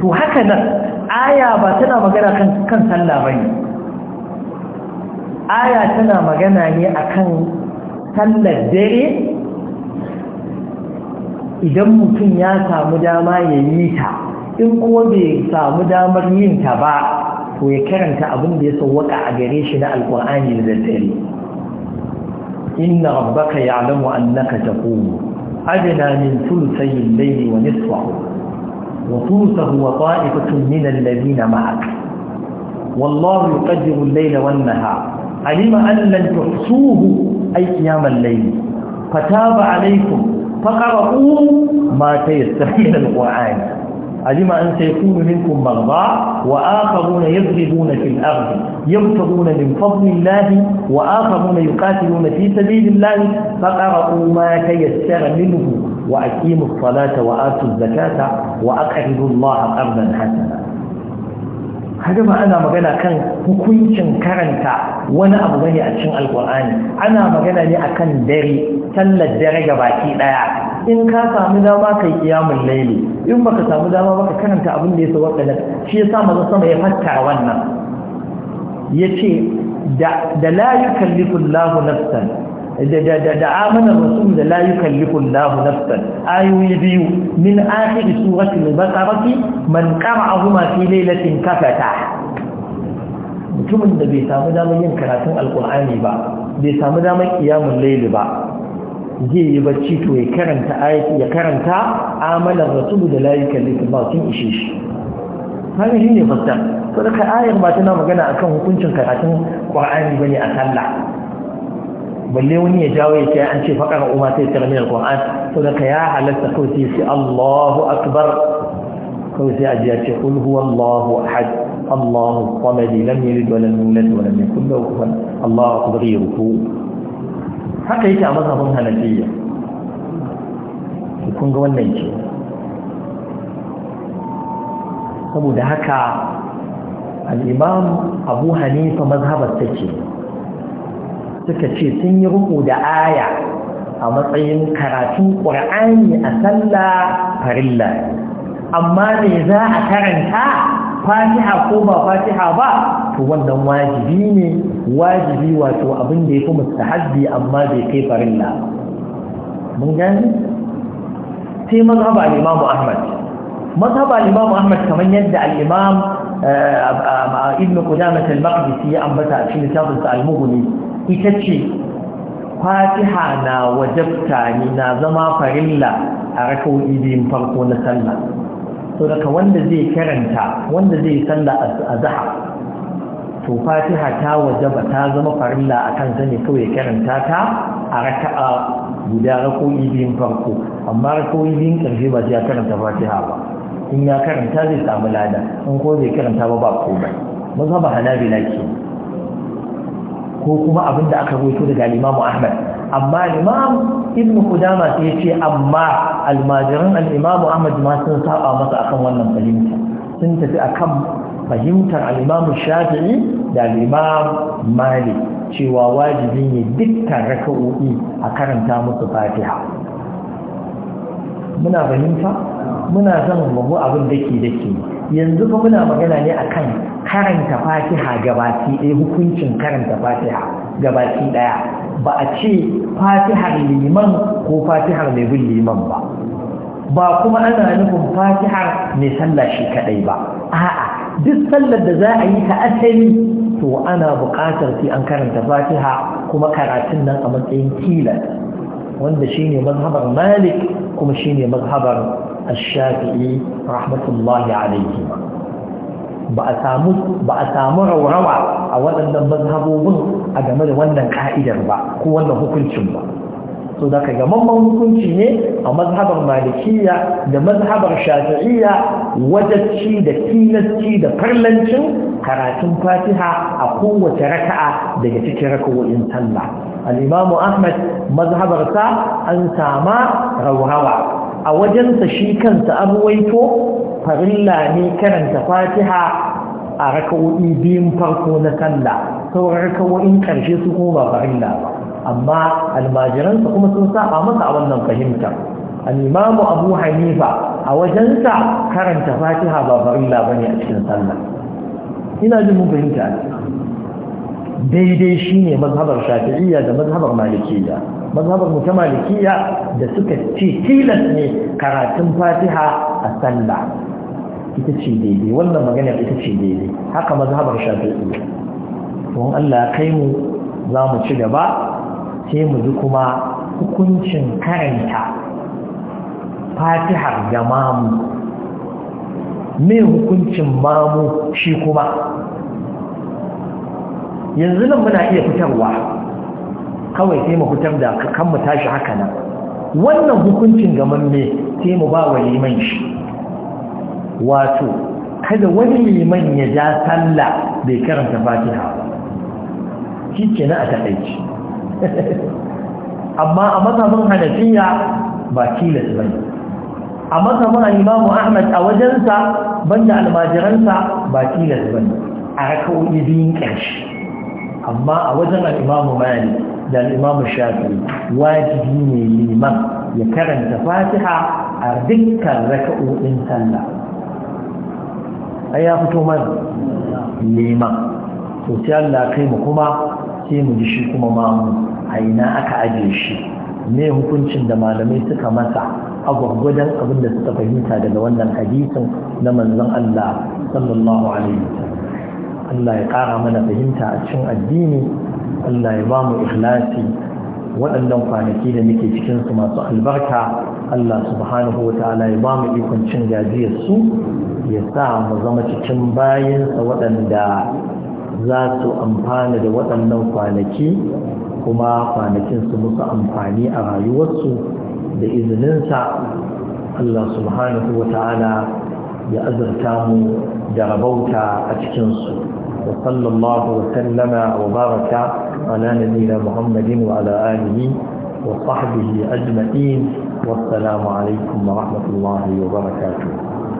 to haka nan aya ba tana magana kan kan sallah bane aya tana magana ne akan sallar dare idan mutum ya samu dama ya yi ta in kuma bai samu damar yin ta ba to ya karanta abin da ya sauwaka a gare shi na alkur'ani da daddare inna rabbaka ya'lamu annaka taqumu adna min thulthayi al-layli wa nisfahu وطوسه وطائفة من الذين معك والله يقدر الليل والنهار علم أن لن تحصوه أي قيام الليل فتاب عليكم فقرؤوا ما تيسر من القرآن علم أن سيكون منكم مرضى وآخرون يضربون في الأرض يبتغون من فضل الله وآخرون يقاتلون في سبيل الله فقرؤوا ما تيسر منه وأقيموا الصلاة وآتوا الزكاة wa aqridu Allah hasana kaga ba ana magana kan hukuncin karanta wani abu bane a cikin alqur'ani ana magana ne akan dare tallar dare ga baki ɗaya. in ka samu dama kai kiyamul laili in baka samu dama baka karanta abin da ya sawaka da shi yasa manzo sama ya fatta wannan yace da la yukallifu Allahu nafsan da amanar rasul da la yukallifu Allahu nafsan ayoyi biyu min akhir surati al-baqarati man qara'ahuma fi lailatin kafata mutumin da bai samu damar yin karatun alkur'ani ba bai samu damar kiyamun laili ba zai yi bacci to ya karanta ayati ya karanta amalar rasul da layi kallifin ba sun ishe shi haka shi ne fasar saboda ayar ba tana magana akan hukuncin karatun qur'ani bane a sallah balle wani ya jawo ya ce an ce ga umar sai ta ramin alƙur'an to da ka ya halatta kawai sai sai Allahu akbar kawai sai a ji ya ce kul huwa Allahu ahad Allahu samad lam yi wa lam yulad wa lam yakul lahu kufuwan Allahu akbar ya ruku haka yake a mazhabin hanafiyya kun ga wannan ke saboda haka al-imam Abu Hanifa mazhabar take suka ce sun yi ruku da aya a matsayin karatun ƙur'ani a sallah farilla amma me za a karanta fatiha ko ba fatiha ba to wannan wajibi ne wajibi wato abin da ya fi mustahabbi amma bai kai farilla mun gani sai mazhaba al-Imam Ahmad mazhaba al-Imam Ahmad kamar yadda al-Imam eh, Ibn Qudamah al-Maqdisi ya ambata a cikin kitabinsa al-Mughni ita ce fatiha na wajabta ne na zama farilla a raka'o'i biyun farko na sallah to daga wanda zai karanta wanda zai sallah a zaha to fatiha ta wajaba ta zama farilla a kan zane kawai karanta ta a raka'a guda raka'o'i biyun farko amma raka'o'i biyun karfe ba ya karanta fatiha ba in ya karanta zai samu lada in ko zai karanta ba ba komai mazhaba hanabila kenan ko kuma abin da aka rubuto daga Imam Ahmad amma Imam Ibn Qudama sai ce amma almajiran al-Imam Ahmad ma sun saba masa akan wannan fahimta sun tafi akan fahimtar al-Imam Shafi'i da al-Imam Malik cewa wajibi ne dukkan raka'o'i a karanta musu Fatiha muna fahimta muna son mu abin dake dake yanzu ba muna magana ne akan karanta fatiha gabaki ɗaya hukuncin karanta fatiha gabaki ɗaya ba a ce fatihar liman ko fatihar mai bin liman ba ba kuma ana nufin fatihar mai sallah shi kaɗai ba a'a duk sallar da za a yi ta asali to ana buƙatar sai an karanta fatiha kuma karatun nan a matsayin tilas wanda shine mazhabar malik kuma shine mazhabar الشافعي رحمة الله عليهما ba a samu ba a samu raurawa a waɗannan mazhabobin a game da wannan ƙa'idar ba ko wannan hukuncin ba so da kaga mamman hukunci ne a mazhabar malikiya da mazhabar shafi'iyya wajacci da tilasci da farlancin karatun fatiha a kowace raka'a daga cikin raka'o'in sallah al-imamu ahmad mazhabarsa an sama raurawa a wajensa shi kansa an waito farilla ne karanta fatiha a raka'o'i biyun farko na sallah sauran raka'o'in karshe su kuma ba farilla ba amma almajiransa kuma sun saba masa a wannan fahimta al-imamu abu hanifa a wajensa karanta fatiha ba farilla bane a cikin sallah ina jin mun fahimta daidai shine mazhabar shafi'iyya da mazhabar malikiyya mazhabar mu ta malikiya da suka ce tilas ne karatun fatiha a sallah ita ce daidai wannan magana ita ce daidai haka mazhabar shafi'i don Allah ya kai mu za mu ci gaba sai mu ji kuma hukuncin karanta fatihar ga mamu me hukuncin mamu shi kuma yanzu nan muna iya fitarwa kawai sai mu fitar da kan mu tashi haka nan wannan hukuncin gaman me sai mu ba wa liman shi wato kada wani liman ya ja sallah bai karanta fatiha ba shi na a taɗaici amma a mazhabin hanafiya ba tilas ba ne a mazhabin imamu ahmad a wajensa banda almajiransa ba tilas ba ne a raka'o'i biyun ƙarshe amma a wajen al'imamu malik da imam shafi wajibi ne liman ya karanta fatiha a dukkan raka'o'in sallah ai ya fito mana liman to sai Allah kai mu kuma sai mu ji shi kuma mamu a ina aka aje shi me hukuncin da malamai suka masa a gwargwadon abin da suka fahimta daga wannan hadisin na manzon Allah sallallahu alaihi wasallam Allah ya ƙara mana fahimta a cikin addini Allah ya ba mu ikhlasi waɗannan kwanaki da muke cikin su masu albarka Allah subhanahu wa ta'ala ya ba mu ikon cin su ya sa mu zama cikin bayansa waɗanda za su amfana da waɗannan kwanaki kuma kwanakin su musu amfani a rayuwarsu da izininsa Allah subhanahu wa ta'ala ya azurta mu da rabauta a cikinsu وصلى الله وسلم وبارك على نبينا محمد وعلى آله وصحبه أجمعين والسلام عليكم ورحمة الله وبركاته